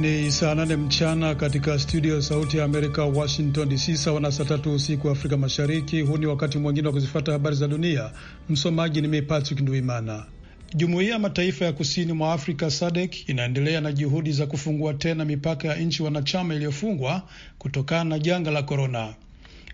Ni saa nane mchana katika studio ya Sauti ya Amerika, Washington DC, sawa na saa tatu usiku wa Afrika Mashariki. Huu ni wakati mwingine wa kuzifata habari za dunia. Msomaji ni mimi Patrick Nduimana. Jumuiya ya Mataifa ya Kusini mwa Afrika sadek inaendelea na juhudi za kufungua tena mipaka ya nchi wanachama iliyofungwa kutokana na janga la korona.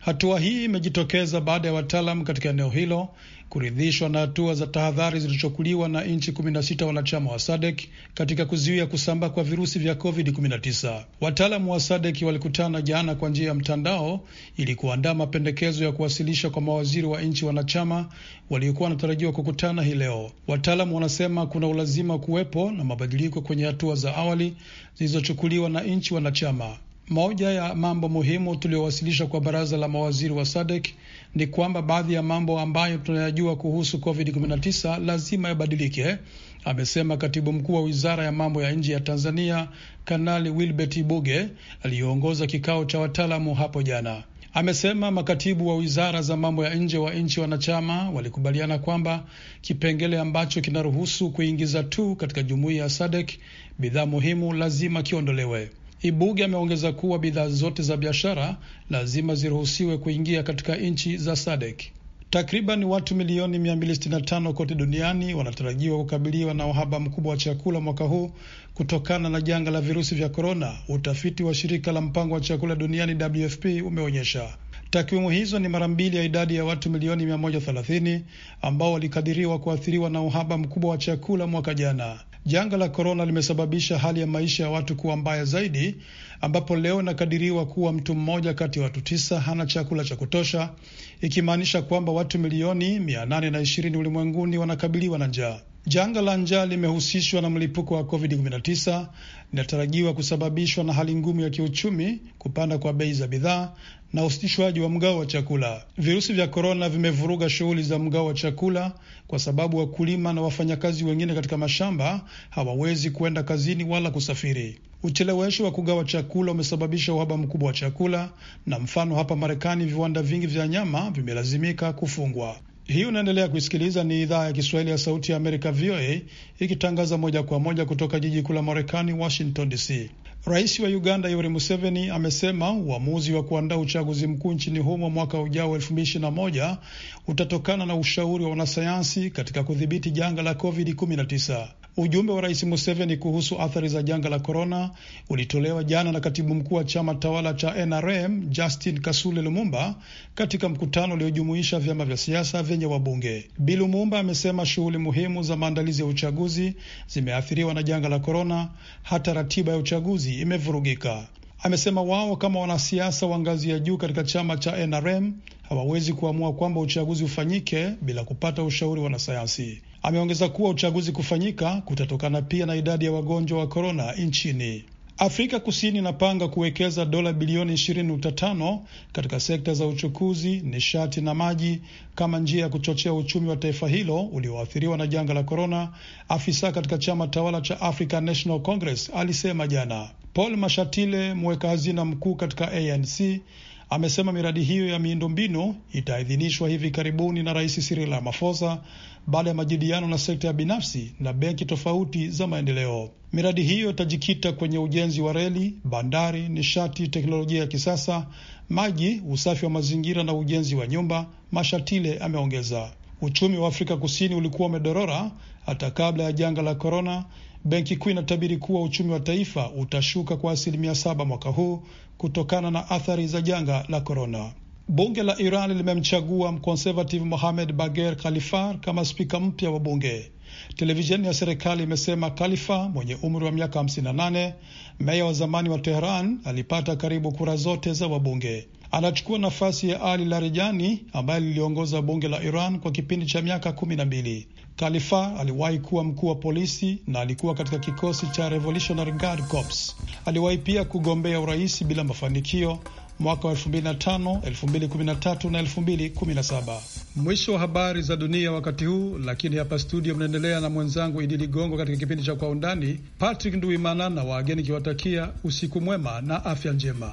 Hatua hii imejitokeza baada ya wataalam katika eneo hilo kuridhishwa na hatua za tahadhari zilizochukuliwa na nchi 16 wanachama wa SADEK katika kuzuia kusambaa kwa virusi vya COVID-19. Wataalamu wa SADEK walikutana jana kwa njia ya mtandao ili kuandaa mapendekezo ya kuwasilisha kwa mawaziri wa nchi wanachama waliokuwa wanatarajiwa kukutana hii leo. Wataalamu wanasema kuna ulazima kuwepo na mabadiliko kwenye hatua za awali zilizochukuliwa na nchi wanachama. Moja ya mambo muhimu tuliyowasilisha kwa baraza la mawaziri wa SADC ni kwamba baadhi ya mambo ambayo tunayajua kuhusu COVID-19 lazima yabadilike, amesema katibu mkuu wa wizara ya mambo ya nje ya Tanzania, Kanali Wilbert buge aliyeongoza kikao cha wataalamu hapo jana. Amesema makatibu wa wizara za mambo ya nje wa nchi wanachama walikubaliana kwamba kipengele ambacho kinaruhusu kuingiza tu katika jumuiya ya SADC bidhaa muhimu lazima kiondolewe. Ibuge ameongeza kuwa bidhaa zote za biashara lazima ziruhusiwe kuingia katika nchi za SADC. Takriban watu milioni 265 kote duniani wanatarajiwa kukabiliwa na uhaba mkubwa wa chakula mwaka huu kutokana na janga la virusi vya korona, utafiti wa shirika la mpango wa chakula duniani WFP umeonyesha. Takwimu hizo ni mara mbili ya idadi ya watu milioni 130 ambao walikadiriwa kuathiriwa na uhaba mkubwa wa chakula mwaka jana. Janga la korona limesababisha hali ya maisha ya watu kuwa mbaya zaidi, ambapo leo inakadiriwa kuwa mtu mmoja kati ya watu tisa hana chakula cha kutosha, ikimaanisha kwamba watu milioni mia nane na ishirini ulimwenguni wanakabiliwa na njaa. Janga la njaa limehusishwa na mlipuko wa COVID-19 linatarajiwa kusababishwa na hali ngumu ya kiuchumi, kupanda kwa bei za bidhaa na usitishwaji wa mgao wa chakula. Virusi vya korona vimevuruga shughuli za mgao wa chakula kwa sababu wakulima na wafanyakazi wengine katika mashamba hawawezi kuenda kazini wala kusafiri. Uchelewesho wa kugawa chakula umesababisha uhaba mkubwa wa chakula, na mfano hapa Marekani viwanda vingi vya nyama vimelazimika kufungwa. Hii unaendelea kuisikiliza ni idhaa ya Kiswahili ya Sauti ya Amerika, VOA, ikitangaza moja kwa moja kutoka jiji kuu la Marekani, Washington DC. Rais wa Uganda Yoweri Museveni amesema uamuzi wa kuandaa uchaguzi mkuu nchini humo mwaka ujao elfu na moja utatokana na ushauri wa wanasayansi katika kudhibiti janga la COVID-19. Ujumbe wa Rais Museveni kuhusu athari za janga la korona ulitolewa jana na katibu mkuu wa chama tawala cha NRM Justin Kasule Lumumba katika mkutano uliojumuisha vyama vya siasa vyenye wabunge. Bi Lumumba amesema shughuli muhimu za maandalizi ya uchaguzi zimeathiriwa na janga la korona, hata ratiba ya uchaguzi imevurugika amesema wao kama wanasiasa wa ngazi ya juu katika chama cha NRM hawawezi kuamua kwamba uchaguzi ufanyike bila kupata ushauri wa wanasayansi. Ameongeza kuwa uchaguzi kufanyika kutatokana pia na idadi ya wagonjwa wa korona nchini. Afrika Kusini inapanga kuwekeza dola bilioni 25 katika sekta za uchukuzi, nishati na maji kama njia ya kuchochea uchumi wa taifa hilo ulioathiriwa na janga la korona, afisa katika chama tawala cha African National Congress alisema jana. Paul Mashatile, mweka hazina mkuu katika ANC, amesema miradi hiyo ya miundombinu itaidhinishwa hivi karibuni na Rais Cyril Ramaphosa baada ya majadiliano na sekta ya binafsi na benki tofauti za maendeleo. Miradi hiyo itajikita kwenye ujenzi wa reli, bandari, nishati, teknolojia ya kisasa, maji, usafi wa mazingira na ujenzi wa nyumba, Mashatile ameongeza. Uchumi wa Afrika Kusini ulikuwa umedorora hata kabla ya janga la korona, Benki Kuu inatabiri kuwa uchumi wa taifa utashuka kwa asilimia saba mwaka huu kutokana na athari za janga la korona. Bunge la Iran limemchagua mkonservative Mohamed Bager Khalifa kama spika mpya wa bunge. Televisheni ya serikali imesema Khalifa mwenye umri wa miaka 58, meya wa zamani wa Teheran, alipata karibu kura zote za wabunge. Anachukua nafasi ya Ali Larijani ambaye liliongoza bunge la Iran kwa kipindi cha miaka kumi na mbili. Khalifa aliwahi kuwa mkuu wa polisi na alikuwa katika kikosi cha Revolutionary Guard Corps. Aliwahi pia kugombea urais bila mafanikio mwaka wa 2005, 2013 na 2017. Mwisho wa habari za dunia wakati huu, lakini hapa studio mnaendelea na mwenzangu Idi Ligongo katika kipindi cha Kwa Undani. Patrick Nduimana na wageni kiwatakia usiku mwema na afya njema.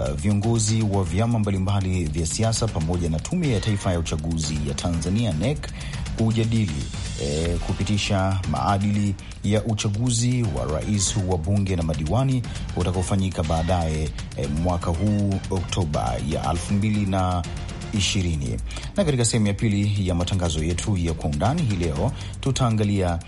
Uh, viongozi wa vyama mbalimbali vya siasa pamoja na Tume ya Taifa ya Uchaguzi ya Tanzania NEC kujadili e, kupitisha maadili ya uchaguzi wa rais wa bunge na madiwani utakaofanyika baadaye e, mwaka huu Oktoba ya elfu na ishirini. Na katika sehemu ya pili ya matangazo yetu ya kwa undani hii leo tutaangalia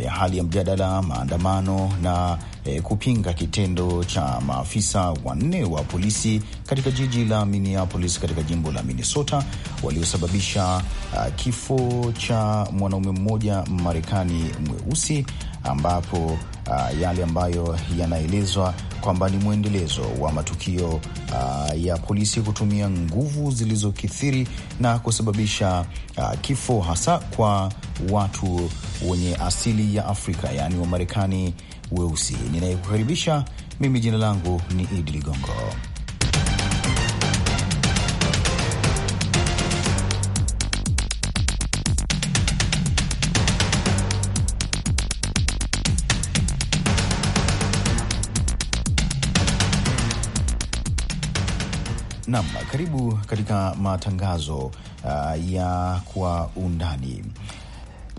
eh, hali ya mjadala, maandamano na e, kupinga kitendo cha maafisa wanne wa polisi katika jiji la Minneapolis katika jimbo la Minnesota waliosababisha uh, kifo cha mwanaume mmoja Marekani mweusi ambapo uh, yale ambayo yanaelezwa kwamba ni mwendelezo wa matukio uh, ya polisi kutumia nguvu zilizokithiri na kusababisha uh, kifo hasa kwa watu wenye asili ya Afrika, yaani Wamarekani weusi. Ninayekukaribisha mimi jina langu ni Idi Ligongo. Nam, karibu katika matangazo uh, ya kwa undani.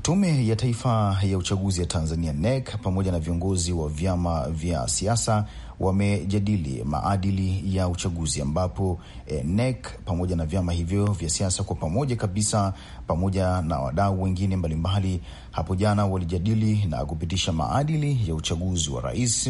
Tume ya Taifa ya Uchaguzi ya Tanzania, NEC, pamoja na viongozi wa vyama vya siasa wamejadili maadili ya uchaguzi ambapo eh, e, NEC pamoja na vyama hivyo vya siasa kwa pamoja kabisa pamoja na wadau wengine mbalimbali hapo jana walijadili na kupitisha maadili ya uchaguzi wa rais,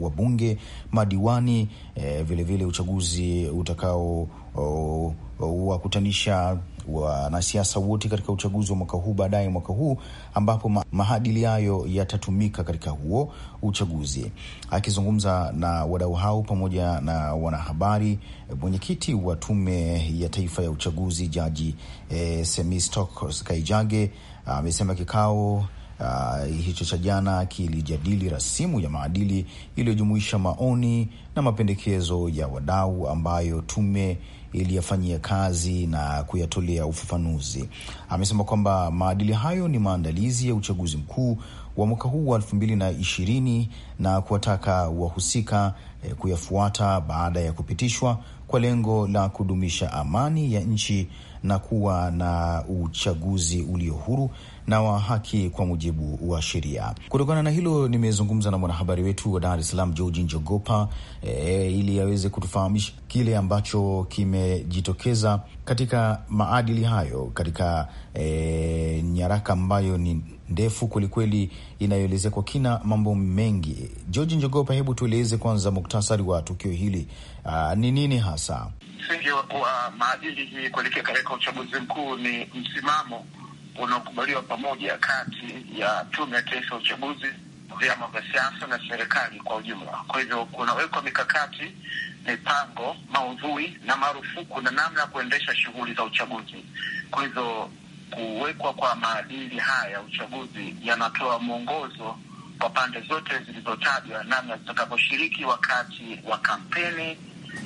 wa bunge madiwani, vilevile eh, vile uchaguzi utakao oh, wakutanisha wanasiasa wote katika uchaguzi wa mwaka huu baadaye mwaka huu ambapo ma maadili hayo yatatumika katika huo uchaguzi. Akizungumza na wadau hao pamoja na wanahabari, mwenyekiti wa Tume ya Taifa ya Uchaguzi Jaji e, eh, Semistock Kaijage amesema kikao Uh, hicho cha jana kilijadili rasimu ya maadili iliyojumuisha maoni na mapendekezo ya wadau ambayo tume iliyafanyia kazi na kuyatolea ufafanuzi. Amesema kwamba maadili hayo ni maandalizi ya uchaguzi mkuu wa mwaka huu wa elfu mbili na ishirini na kuwataka wahusika eh, kuyafuata baada ya kupitishwa kwa lengo la kudumisha amani ya nchi na kuwa na uchaguzi ulio huru na wa haki kwa mujibu wa sheria. Kutokana na hilo, nimezungumza na mwanahabari wetu wa Dar es Salaam Georgi Njogopa e, ili aweze kutufahamisha kile ambacho kimejitokeza katika maadili hayo katika e, nyaraka ambayo ni ndefu kwelikweli, inayoelezea kwa kina mambo mengi. George Njogopa, hebu tueleze kwanza muktasari wa tukio hili ah, ni nini hasa? Msingi wa maadili hii kuelekea katika uchaguzi mkuu ni msimamo unaokubaliwa pamoja kati ya Tume ya Taifa ya Uchaguzi, vyama vya siasa na serikali kwa ujumla. Kwa hivyo kunawekwa mikakati, mipango, maudhui na marufuku na namna ya kuendesha shughuli za uchaguzi. Kwa hivyo kuwekwa kwa maadili haya uchaguzi yanatoa mwongozo kwa pande zote zilizotajwa namna zitakavyoshiriki wakati wa kampeni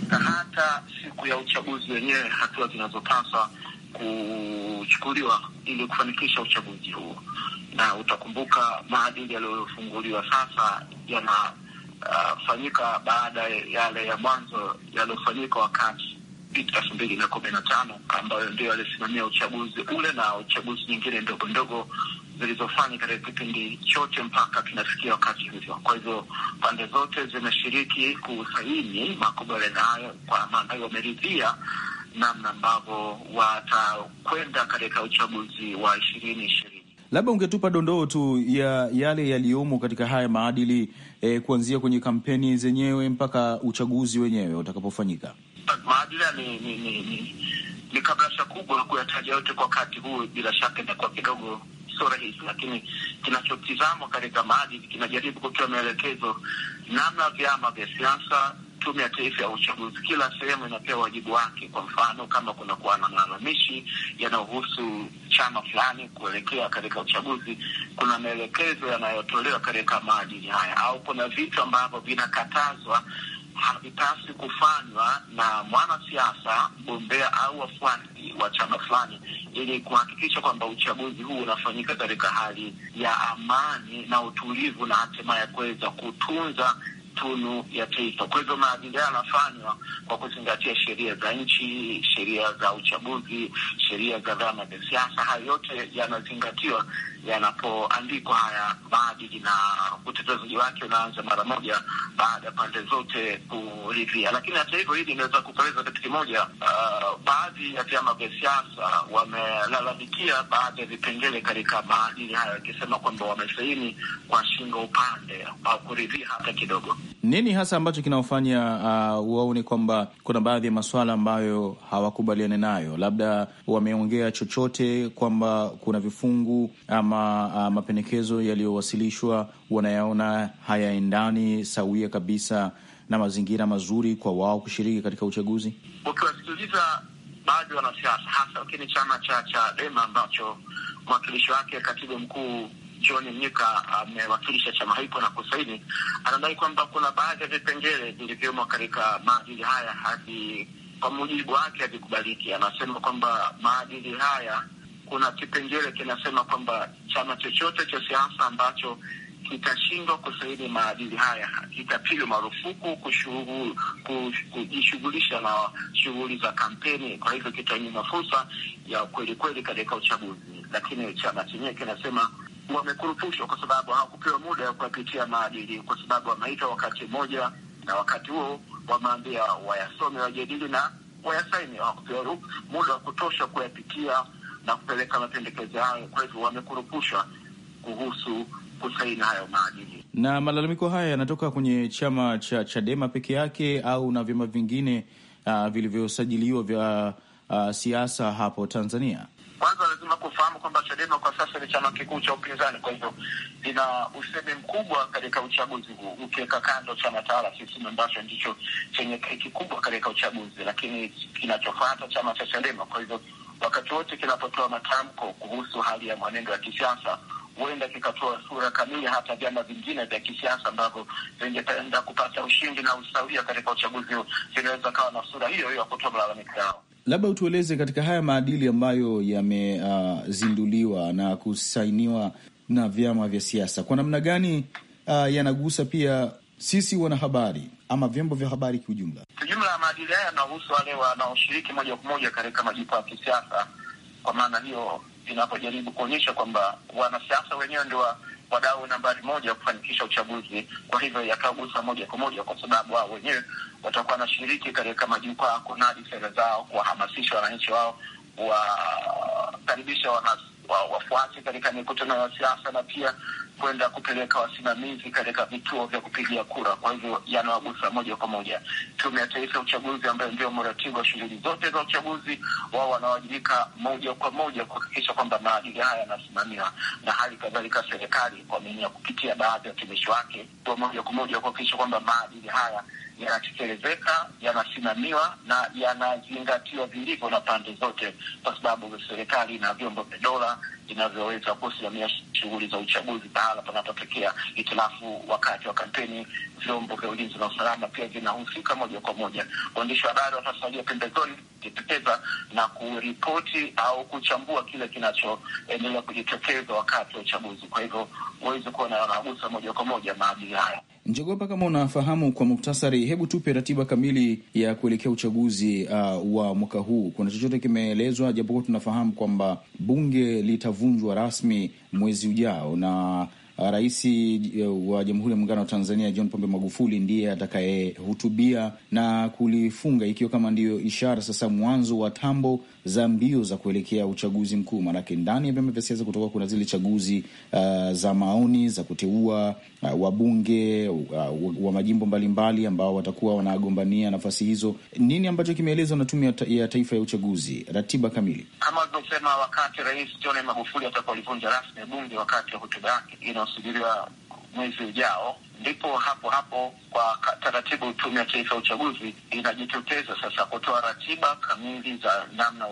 na hata siku ya uchaguzi wenyewe, hatua zinazopaswa kuchukuliwa ili kufanikisha uchaguzi huo. Na utakumbuka maadili yaliyofunguliwa sasa yanafanyika uh, baada yale ya mwanzo yaliyofanyika wakati elfu mbili na kumi na tano ambayo ndio alisimamia uchaguzi ule na uchaguzi nyingine ndogo ndogo zilizofanya katika kipindi chote mpaka tunafikia wakati hivyo. Kwa hivyo pande zote zimeshiriki kusaini makubaliano hayo, kwa maana wameridhia namna ambavyo watakwenda katika uchaguzi wa ishirini ishirini. Labda ungetupa dondoo tu ya yale yaliyomo katika haya maadili eh, kuanzia kwenye kampeni zenyewe mpaka uchaguzi wenyewe utakapofanyika maadira ni, ni, ni, ni, ni kabrasha kubwa. Kuyataja yote kwa wakati huu bila shaka inakuwa kidogo sio rahisi, lakini kinachotizamwa katika maadili kinajaribu kutoa maelekezo namna vyama vya siasa Tume ya Taifa ya Uchaguzi, kila sehemu inapewa wajibu wake. Kwa mfano, kama kunakuwa na malalamishi yanayohusu chama fulani kuelekea katika uchaguzi, kuna maelekezo yanayotolewa katika maadili haya, au kuna vitu ambavyo vinakatazwa havipasi kufanywa na mwanasiasa, mgombea au wafuasi wa chama fulani, ili kuhakikisha kwamba uchaguzi huu unafanyika katika hali ya amani na utulivu, na hatimaye kuweza kutunza tunu ya taifa. Kwa hivyo maadili hayo yanafanywa kwa kuzingatia sheria za nchi, sheria za uchaguzi, sheria za vyama vya siasa. Hayo yote yanazingatiwa yanapoandikwa haya maadili, na utetezaji wake unaanza mara moja baada ya pande zote kuridhia. Lakini hata hivyo, hili inaweza kupeleza kitu kimoja. Uh, baadhi ya vyama vya siasa wamelalamikia baadhi ya vipengele katika maadili hayo, wakisema kwamba wamesaini kwa shingo upande au kuridhia hata kidogo. Nini hasa ambacho kinaofanya uh, waone kwamba kuna baadhi ya masuala ambayo hawakubaliani nayo? Labda wameongea chochote kwamba kuna vifungu ama uh, mapendekezo yaliyowasilishwa wanayaona hayaendani sawia kabisa na mazingira mazuri kwa wao kushiriki katika uchaguzi. Ukiwasikiliza baadhi wanasiasa, hasa lakini chama cha Chadema ambacho mwakilishi wake katibu mkuu John Mnyika amewakilisha chama hipo na kusaini, anadai kwamba kuna baadhi ya vipengele vilivyomo katika maadili haya hadi kwa mujibu wake havikubaliki. Anasema kwamba maadili haya, kuna kipengele kinasema kwamba chama chochote cha siasa ambacho kitashindwa kusaini maadili haya kitapigwa marufuku kujishughulisha na shughuli za kampeni. Kwa hivyo kitanyima fursa ya kweli kweli katika uchaguzi, lakini chama chenyewe kinasema wamekurupushwa kwa sababu hawakupewa muda ya kuyapitia maadili, kwa sababu wameitwa wakati mmoja, na wakati huo wameambia wayasome, wajadili na wayasaini. Hawakupewa muda wa kutosha kuyapitia na kupeleka mapendekezo hayo, kwa hivyo wamekurupushwa kuhusu kusaini hayo maadili. Na malalamiko haya yanatoka kwenye chama cha Chadema peke yake au na vyama vingine uh, vilivyosajiliwa vya uh, siasa hapo Tanzania? Kwanza lazima kufahamu kwamba Chadema kwa sasa ni chama kikuu cha upinzani, kwa hivyo ina usemi mkubwa katika uchaguzi huu, ukiweka kando chama tawala CCM ambacho ndicho chenye keki kubwa katika uchaguzi, lakini kinachofuata chama cha Chadema. Kwa hivyo wakati wote kinapotoa matamko kuhusu hali ya mwenendo ya kisiasa huenda kikatoa sura kamili hata vyama vingine vya kisiasa ambavyo vingependa kupata ushindi na usawia katika uchaguzi huu vinaweza kawa na sura hiyo hiyo ya kutoa malalamiko yao labda utueleze katika haya maadili ambayo yamezinduliwa uh, na kusainiwa na vyama vya siasa kwa namna gani uh, yanagusa pia sisi wanahabari ama vyombo vya habari kiujumla? Kiujumla, maadili haya yanahusu wale wanaoshiriki moja kwa moja katika majukwaa ya kisiasa. Kwa maana hiyo, inapojaribu kuonyesha kwamba wanasiasa wenyewe ndio wadau nambari moja kufanikisha uchaguzi. Kwa hivyo yatagusa moja kwa moja, kwa sababu wao wenyewe watakuwa wanashiriki katika majukwaa kunadi sera zao, kuwahamasisha wananchi wao, kuwakaribisha wana wafuasi katika mikutano ya siasa na pia kwenda kupeleka wasimamizi katika vituo vya kupigia kura. Kwa hivyo yanawagusa moja kwa moja. Tume ya Taifa ya Uchaguzi ambayo ndio mratibu wa shughuli zote za uchaguzi, wao wanawajibika moja kwa moja kuhakikisha kwamba maadili haya yanasimamiwa, na hali kadhalika serikali kwa kupitia baadhi ya watumishi wake moja kwa moja kuhakikisha kwamba maadili haya yanatekelezeka, yanasimamiwa na yanazingatiwa vilivyo na pande zote, kwa sababu serikali na vyombo vya dola vinavyoweza kusimamia shughuli za uchaguzi pahala panapotokea hitilafu wakati wa kampeni. Vyombo vya ulinzi na usalama pia vinahusika moja kwa moja. Waandishi wa habari watasalia pembezoni kujitokeza na kuripoti au kuchambua kile kinachoendelea kujitokeza wakati wa uchaguzi. Kwa hivyo kuwa na wanagusa moja kwa moja maadili haya. Njogopa, kama unafahamu kwa muktasari, hebu tupe ratiba kamili ya kuelekea uchaguzi uh, wa mwaka huu. Kuna chochote kimeelezwa? Japokuwa tunafahamu kwamba bunge litavunjwa rasmi mwezi ujao na uh, Rais uh, wa Jamhuri ya Muungano wa Tanzania John Pombe Magufuli ndiye atakayehutubia na kulifunga, ikiwa kama ndiyo ishara sasa mwanzo wa tambo za mbio za kuelekea uchaguzi mkuu, maanake ndani ya vyama vya siasa kutoka kuna zile chaguzi uh, za maoni za kuteua uh, wabunge uh, wa majimbo mbalimbali ambao watakuwa wanagombania nafasi hizo. Nini ambacho kimeelezwa na tume ya taifa ya uchaguzi, ratiba kamili? Kama ulivyosema, wakati Rais John Magufuli atakuwa alivunja rasmi bunge wakati wa hotuba yake inayosubiriwa mwezi ujao ndipo hapo hapo kwa taratibu Tume ya Taifa ya Uchaguzi inajitokeza sasa kutoa ratiba kamili za namna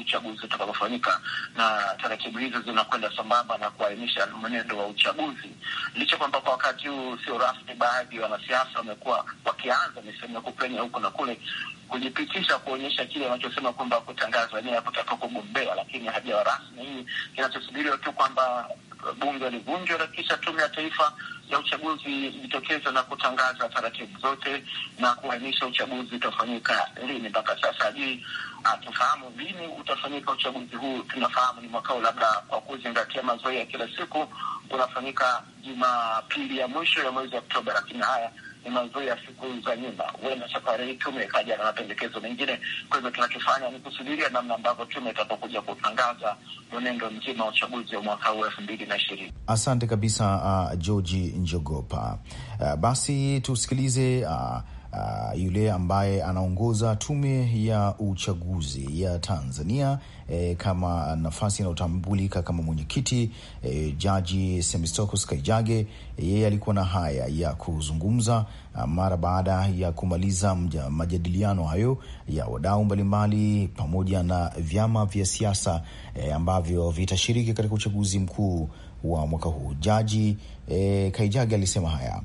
uchaguzi utakavyofanyika, na taratibu hizo zinakwenda sambamba na kuainisha mwenendo wa uchaguzi, licha kwamba kwa wakati huu sio rasmi, baadhi ya wanasiasa wamekuwa wakianza misemo ya kupenya huku na kule kujipitisha kuonyesha kile wanachosema kwamba kutangazwa nia ya kutaka kugombea, lakini hajawa rasmi. Hii kinachosubiriwa tu kwamba bunge livunjwe na kisha tume ya taifa ya uchaguzi jitokeza na kutangaza taratibu zote na kuainisha uchaguzi utafanyika lini. Mpaka sasa hajui, hatufahamu lini utafanyika uchaguzi huu. Tunafahamu ni mwakao, labda kwa kuzingatia mazoea ya kila siku unafanyika Jumapili ya mwisho ya mwezi Oktoba, lakini haya ni mazuri ya siku za nyuma. Huenda safari hii tume ikaja na mapendekezo mengine. Kwa hivyo tunachofanya ni kusubiria namna ambavyo tume itakapokuja kutangaza mwenendo mzima wa uchaguzi wa mwaka huu elfu mbili na ishirini. Asante kabisa, uh, Georgi Njogopa. Uh, basi tusikilize uh, uh, yule ambaye anaongoza tume ya uchaguzi ya Tanzania eh, kama nafasi inayotambulika kama mwenyekiti eh, Jaji Semistokos Kaijage yeye eh, alikuwa na haya ya kuzungumza uh, mara baada ya kumaliza mja, majadiliano hayo ya wadau mbalimbali pamoja na vyama vya siasa eh, ambavyo vitashiriki katika uchaguzi mkuu wa mwaka huu. Jaji eh, Kaijage alisema haya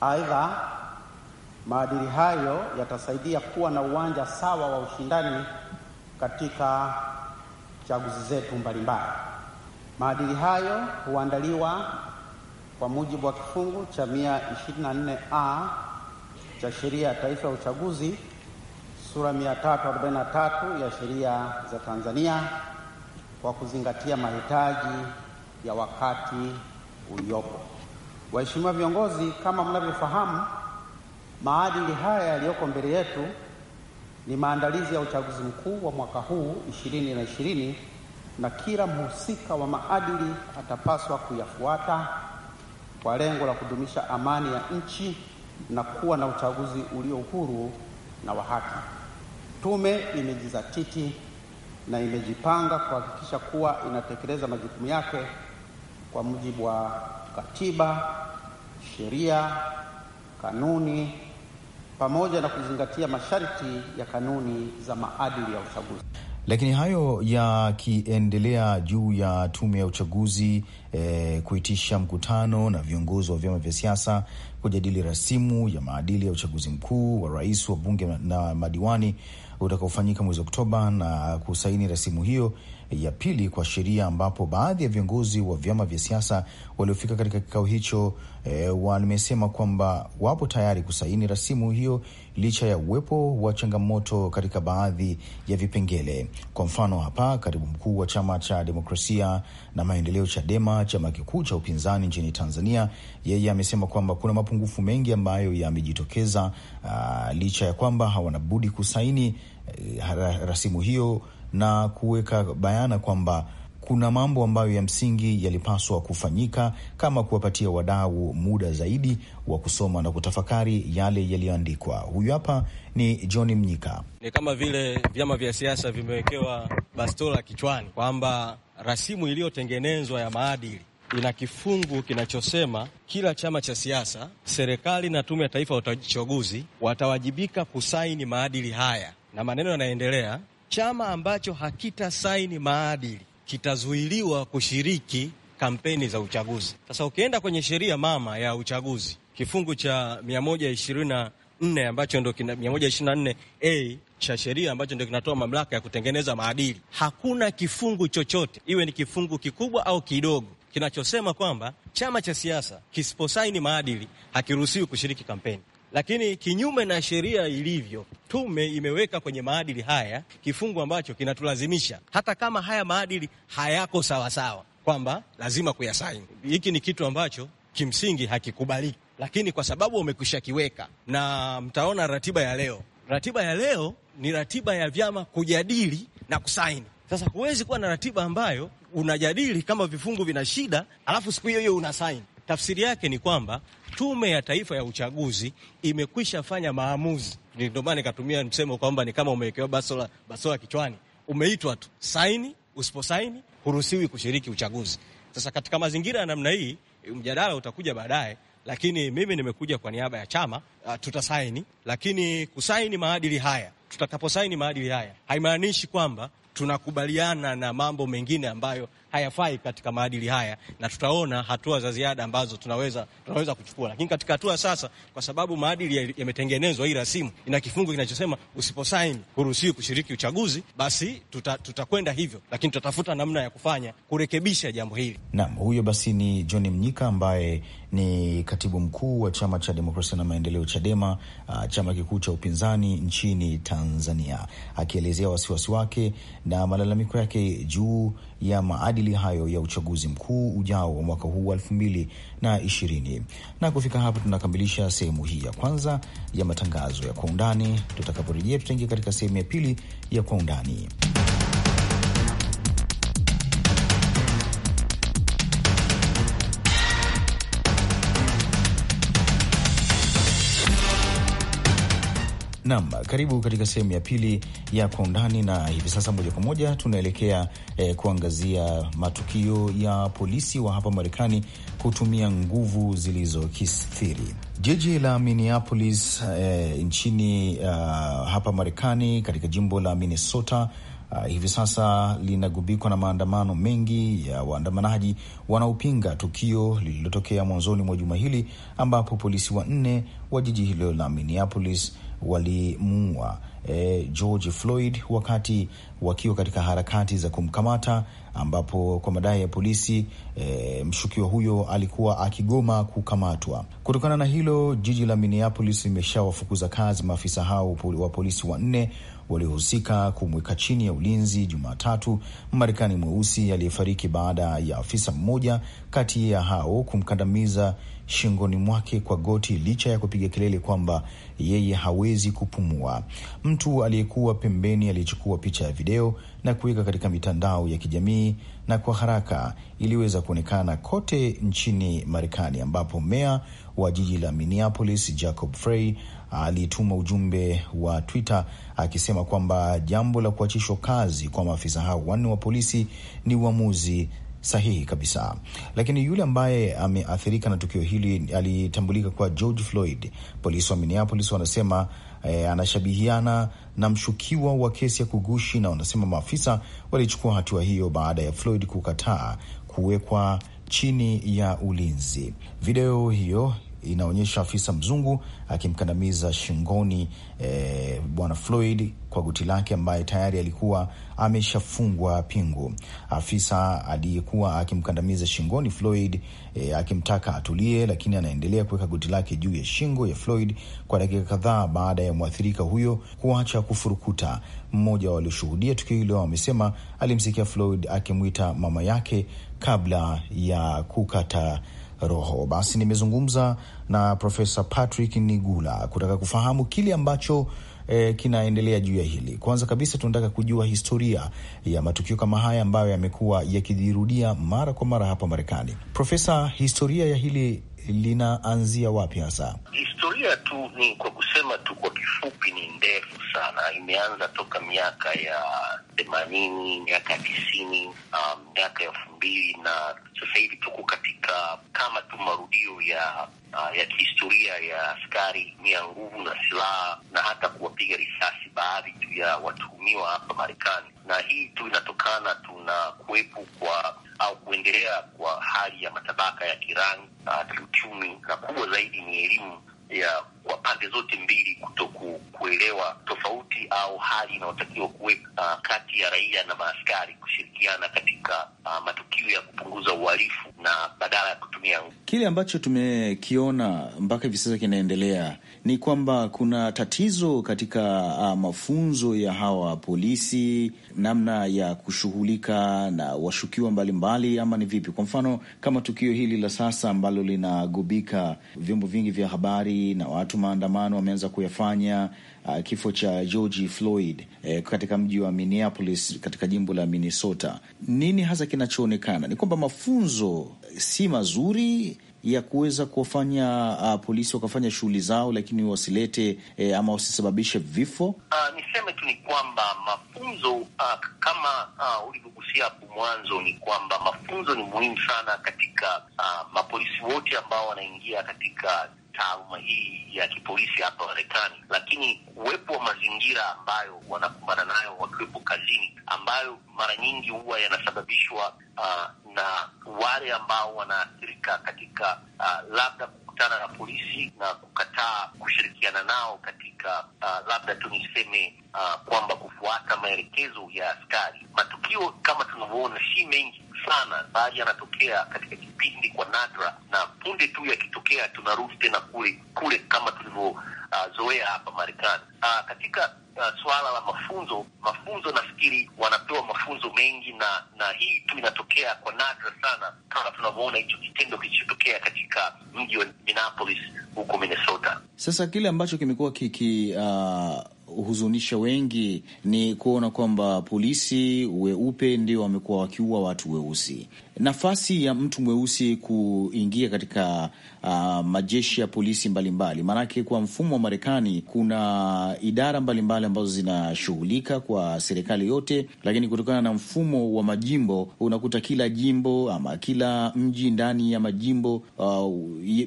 aidha Maadili hayo yatasaidia kuwa na uwanja sawa wa ushindani katika chaguzi zetu mbalimbali. Maadili hayo huandaliwa kwa mujibu wa kifungu cha 124A cha sheria ya taifa ya uchaguzi sura 343 ya sheria za Tanzania kwa kuzingatia mahitaji ya wakati uliopo. Waheshimiwa viongozi, kama mnavyofahamu Maadili haya yaliyoko mbele yetu ni maandalizi ya uchaguzi mkuu wa mwaka huu ishirini na ishirini, na kila mhusika wa maadili atapaswa kuyafuata kwa lengo la kudumisha amani ya nchi na kuwa na uchaguzi ulio huru na wa haki. Tume imejizatiti na imejipanga kuhakikisha kuwa inatekeleza majukumu yake kwa mujibu wa katiba, sheria, kanuni pamoja na kuzingatia masharti ya kanuni za maadili ya uchaguzi. Lakini hayo yakiendelea juu ya tume ya uchaguzi eh, kuitisha mkutano na viongozi wa vyama vya siasa kujadili rasimu ya maadili ya uchaguzi mkuu wa rais wa bunge na madiwani utakaofanyika mwezi Oktoba na kusaini rasimu hiyo ya pili kwa sheria, ambapo baadhi ya viongozi wa vyama vya siasa waliofika katika kikao hicho e, wamesema kwamba wapo tayari kusaini rasimu hiyo licha ya uwepo wa changamoto katika baadhi ya vipengele. Kwa mfano, hapa katibu mkuu wa chama cha demokrasia na maendeleo CHADEMA, chama kikuu cha upinzani nchini Tanzania, yeye amesema kwamba kuna mapungufu mengi ambayo yamejitokeza, ah, licha ya kwamba hawana budi kusaini eh, rasimu hiyo na kuweka bayana kwamba kuna mambo ambayo ya msingi yalipaswa kufanyika kama kuwapatia wadau muda zaidi wa kusoma na kutafakari yale yaliyoandikwa. Huyu hapa ni John Mnyika. Ni kama vile vyama vya siasa vimewekewa bastola kichwani kwamba rasimu iliyotengenezwa ya maadili ina kifungu kinachosema kila chama cha siasa, serikali na Tume ya Taifa ya Uchaguzi watawajibika kusaini maadili haya, na maneno yanaendelea Chama ambacho hakita saini maadili kitazuiliwa kushiriki kampeni za uchaguzi. Sasa ukienda kwenye sheria mama ya uchaguzi kifungu cha 124 ambacho ndo 124 a cha sheria ambacho ndio kinatoa mamlaka ya kutengeneza maadili, hakuna kifungu chochote, iwe ni kifungu kikubwa au kidogo, kinachosema kwamba chama cha siasa kisiposaini maadili hakiruhusiwi kushiriki kampeni. Lakini kinyume na sheria ilivyo, tume imeweka kwenye maadili haya kifungu ambacho kinatulazimisha hata kama haya maadili hayako sawasawa, kwamba lazima kuyasaini. Hiki ni kitu ambacho kimsingi hakikubaliki, lakini kwa sababu wamekwisha kiweka, na mtaona ratiba ya leo. Ratiba ya leo ni ratiba ya vyama kujadili na kusaini. Sasa huwezi kuwa na ratiba ambayo unajadili kama vifungu vina shida, alafu siku hiyo hiyo unasaini. Tafsiri yake ni kwamba Tume ya Taifa ya Uchaguzi imekwisha fanya maamuzi. Ndio maana nikatumia msemo kwamba ni kama umewekewa basola, basola kichwani, umeitwa tu saini. Usiposaini huruhusiwi kushiriki uchaguzi. Sasa katika mazingira ya namna hii, mjadala utakuja baadaye, lakini mimi nimekuja kwa niaba ya chama. Uh, tutasaini, lakini kusaini maadili haya, tutakaposaini maadili haya haimaanishi kwamba tunakubaliana na mambo mengine ambayo hayafai katika maadili haya, na tutaona hatua za ziada ambazo tunaweza, tunaweza kuchukua. Lakini katika hatua sasa, kwa sababu maadili yametengenezwa, hii rasimu ina kifungu kinachosema usiposaini huruhusiwi kushiriki uchaguzi, basi tutakwenda tuta hivyo, lakini tutatafuta namna ya kufanya kurekebisha jambo hili. Naam, huyo basi ni John Mnyika ambaye ni katibu mkuu wa chama cha demokrasia na maendeleo Chadema, uh, chama kikuu cha upinzani nchini Tanzania, akielezea wasiwasi wake na malalamiko yake juu ya maadili hayo ya uchaguzi mkuu ujao wa mwaka huu wa elfu mbili na ishirini. Na kufika hapa tunakamilisha sehemu hii ya kwanza ya matangazo ya kwa undani. Tutakaporejea tutaingia katika sehemu ya pili ya kwa undani. Naam, karibu katika sehemu ya pili ya kwa undani, na hivi sasa moja kwa moja tunaelekea eh, kuangazia matukio ya polisi wa hapa Marekani kutumia nguvu zilizokithiri. Jiji la Minneapolis eh, nchini uh, hapa Marekani katika jimbo la Minnesota Uh, hivi sasa linagubikwa na maandamano mengi ya waandamanaji wanaopinga tukio lililotokea mwanzoni mwa juma hili ambapo polisi wanne wa jiji hilo la Minneapolis walimuua eh, George Floyd wakati wakiwa katika harakati za kumkamata, ambapo kwa madai ya polisi eh, mshukiwa huyo alikuwa akigoma kukamatwa. Kutokana na hilo, jiji la Minneapolis limeshawafukuza kazi maafisa hao wa polisi wanne waliohusika kumweka chini ya ulinzi Jumatatu Marekani mweusi aliyefariki baada ya afisa mmoja kati ya hao kumkandamiza shingoni mwake kwa goti licha ya kupiga kelele kwamba yeye hawezi kupumua. Mtu aliyekuwa pembeni alichukua picha ya video na kuweka katika mitandao ya kijamii, na kwa haraka iliweza kuonekana kote nchini Marekani, ambapo meya wa jiji la Minneapolis Jacob Frey alituma ujumbe wa Twitter akisema kwamba jambo la kuachishwa kazi kwa maafisa hao wanne wa polisi ni uamuzi sahihi kabisa. Lakini yule ambaye ameathirika na tukio hili alitambulika kwa George Floyd. Polisi wa Minneapolis wanasema e, anashabihiana na mshukiwa wa kesi ya kugushi, na wanasema maafisa walichukua hatua hiyo baada ya Floyd kukataa kuwekwa chini ya ulinzi. Video hiyo inaonyesha afisa mzungu akimkandamiza shingoni eh, bwana Floyd kwa goti lake ambaye tayari alikuwa ameshafungwa pingu. Afisa aliyekuwa akimkandamiza shingoni Floyd e, akimtaka atulie, lakini anaendelea kuweka goti lake juu ya shingo ya Floyd kwa dakika kadhaa baada ya mwathirika huyo kuacha kufurukuta. Mmoja walioshuhudia tukio hilo amesema alimsikia Floyd akimwita mama yake kabla ya kukata roho. Basi nimezungumza na Profesa Patrick Nigula kutaka kufahamu kile ambacho E, kinaendelea juu ya hili. Kwanza kabisa tunataka kujua historia ya matukio kama haya ambayo yamekuwa yakijirudia mara kwa mara hapa Marekani. Profesa, historia ya hili linaanzia wapi hasa? Historia tu ni kwa kusema tu kwa kifupi, ni ndefu sana, imeanza toka miaka ya themanini, miaka ya tisini, um, miaka um, ya elfu mbili na sasa hivi tuko katika katika kama tu marudio ya uh, ya kihistoria ya askari mia nguvu na silaha na hata kuwapiga risasi baadhi tu ya watuhumiwa hapa Marekani, na hii tu inatokana tuna kuwepo kwa au kuendelea kwa hali ya matabaka ya kirangi uh, kiuchumi, na kubwa zaidi ni elimu ya kwa pande zote mbili kuto kuelewa tofauti au hali inayotakiwa kuweka uh, kati ya raia na maaskari kushirikiana katika uh, matukio ya kupunguza uhalifu na badala ya kutumia Kile ambacho tumekiona mpaka hivi sasa kinaendelea ni kwamba kuna tatizo katika uh, mafunzo ya hawa polisi, namna ya kushughulika na washukiwa mbalimbali mbali, ama ni vipi? Kwa mfano kama tukio hili la sasa ambalo linagubika vyombo vingi vya habari na watu maandamano wameanza kuyafanya uh, kifo cha George Floyd eh, katika mji wa Minneapolis katika jimbo la Minnesota. Nini hasa kinachoonekana ni kwamba mafunzo si mazuri ya kuweza kuwafanya uh, polisi wakafanya shughuli zao, lakini wasilete eh, ama wasisababishe vifo. Uh, niseme tu ni kwamba mafunzo uh, kama uh, ulivyogusia hapo mwanzo, ni kwamba mafunzo ni muhimu sana katika uh, mapolisi wote ambao wanaingia katika taaluma hii ya kipolisi hapa Marekani, lakini uwepo wa mazingira ambayo wanakumbana nayo wakiwepo kazini, ambayo mara nyingi huwa yanasababishwa uh, na wale ambao wanaathirika katika uh, labda kukutana na polisi na kukataa kushirikiana nao katika uh, labda tu niseme uh, kwamba kufuata maelekezo ya askari. Matukio kama tunavyoona si mengi sana, baadhi yanatokea katika kipindi kwa nadra, na punde tu yakitokea tunarudi tena kule kule kama tulivyo uh, zoea hapa Marekani. Uh, katika uh, ah, suala la mafunzo, mafunzo nafikiri wanapewa mafunzo mengi, na na hii tu inatokea kwa nadra sana, kama tunavyoona hicho kitendo kilichotokea katika mji wa Minneapolis huko Minnesota. Sasa kile ambacho kimekuwa kiki uh huzunisha wengi ni kuona kwamba polisi weupe ndio wamekuwa wakiua watu weusi. Nafasi ya mtu mweusi kuingia katika uh, majeshi ya polisi mbalimbali, maanake kwa mfumo wa Marekani kuna idara mbalimbali ambazo zinashughulika kwa serikali yote, lakini kutokana na mfumo wa majimbo unakuta kila jimbo ama kila mji ndani ya majimbo uh,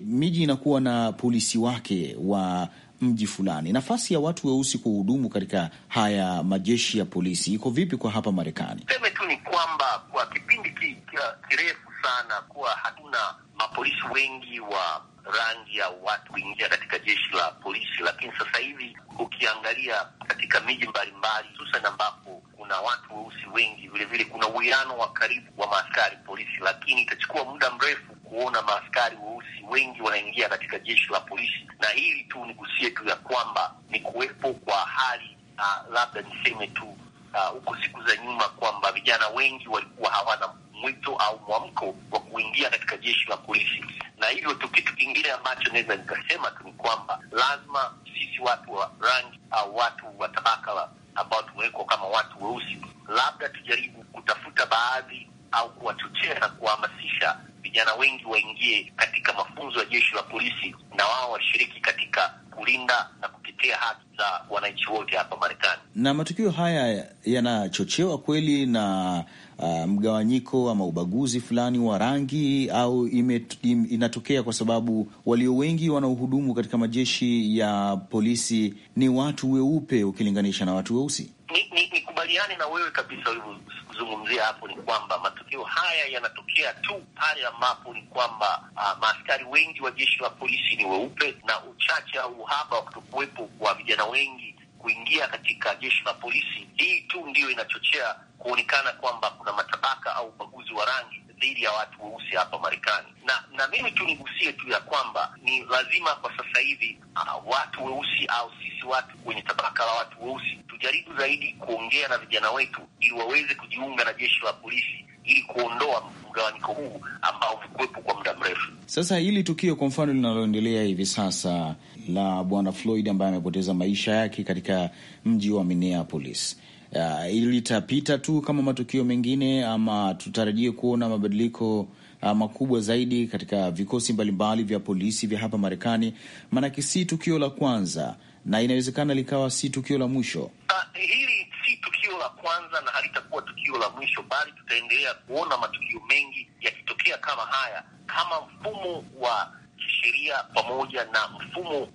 miji inakuwa na polisi wake wa mji fulani. Nafasi ya watu weusi kuhudumu katika haya majeshi ya polisi iko vipi kwa hapa Marekani? Seme tu ni kwamba kwa kipindi ki, kirefu sana kuwa hatuna mapolisi wengi wa rangi ya watu kuingia katika jeshi la polisi, lakini sasa hivi ukiangalia katika miji mbalimbali, hususan ambapo kuna watu weusi wengi, vilevile kuna uwiano wa karibu wa maaskari polisi, lakini itachukua muda mrefu kuona maaskari weusi wengi wanaingia katika jeshi la polisi, na hili tu nigusie tu ya kwamba ni kuwepo kwa hali uh, labda niseme tu ah, huko uh, siku za nyuma kwamba vijana wengi walikuwa hawana mwito au mwamko wa kuingia katika jeshi la polisi, na hivyo tu. Kitu kingine ambacho naweza nikasema tu ni kwamba lazima sisi watu wa rangi au ah, watu wa tabaka ambao tumewekwa kama watu weusi, labda tujaribu kutafuta baadhi au kuwachochea na kuwahamasisha vijana wengi waingie katika mafunzo ya jeshi la polisi na wao washiriki katika kulinda na kutetea haki za wananchi wote hapa Marekani. Na matukio haya yanachochewa kweli na uh, mgawanyiko ama ubaguzi fulani wa rangi au ime, im, inatokea kwa sababu walio wengi wanaohudumu katika majeshi ya polisi ni watu weupe ukilinganisha na watu weusi? Ni, ni, nikubaliane na wewe kabisa ulivyozungumzia hapo, ni kwamba matukio haya yanatokea tu pale ambapo ni kwamba uh, maaskari wengi wa jeshi la polisi ni weupe na uchache au uhaba wa kutokuwepo kwa vijana wengi kuingia katika jeshi la polisi. Hii tu ndiyo inachochea kuonekana kwamba kuna matabaka au ubaguzi wa rangi dhidi ya watu weusi hapa Marekani. Na na mimi tu nigusie tu ya kwamba ni lazima kwa sasa hivi uh, watu weusi au sisi watu wenye tabaka la watu weusi tujaribu zaidi kuongea na vijana wetu ili waweze kujiunga na jeshi la polisi ili kuondoa mgawanyiko huu ambao umekuwepo kwa muda mrefu. Sasa hili tukio kwa mfano linaloendelea hivi sasa la bwana Floyd ambaye amepoteza maisha yake katika mji wa Minneapolis uh, litapita tu kama matukio mengine, ama tutarajie kuona mabadiliko uh, makubwa zaidi katika vikosi mbalimbali vya polisi vya hapa Marekani? Maanake si tukio la kwanza na inawezekana likawa si tukio la mwisho. Uh, hili si tukio la kwanza na halitakuwa tukio la mwisho, bali tutaendelea kuona matukio mengi yakitokea kama haya, kama mfumo wa kisheria pamoja na mfumo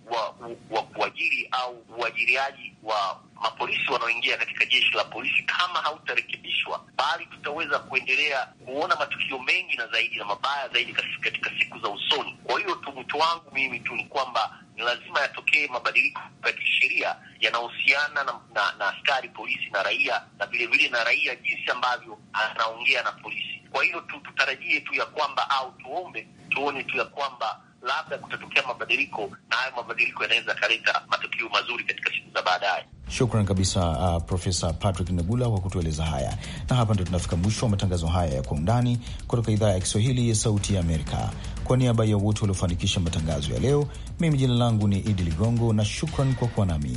wa kuajiri au uajiriaji wa mapolisi wanaoingia katika jeshi la polisi, kama hautarekebishwa, bali tutaweza kuendelea kuona matukio mengi na zaidi na mabaya zaidi katika siku za usoni. Kwa hiyo tu wangu mimi tu ni kwamba ni lazima yatokee mabadiliko ya kisheria yanahusiana na, na, na askari polisi na raia na vilevile na raia jinsi ambavyo anaongea na polisi. Kwa hiyo tu tutarajie tu ya kwamba au tuombe tuone tu ya kwamba labda kutatokea mabadiliko na hayo mabadiliko yanaweza akaleta matukio mazuri katika siku za baadaye. Shukran kabisa uh, Profesa Patrick Negula kwa kutueleza haya, na hapa ndo tunafika mwisho wa matangazo haya ya Kwa Undani kutoka idhaa ya Kiswahili ya Sauti ya Amerika. Kwa niaba ya wote waliofanikisha matangazo ya leo, mimi jina langu ni Idi Ligongo na shukran kwa kuwa nami.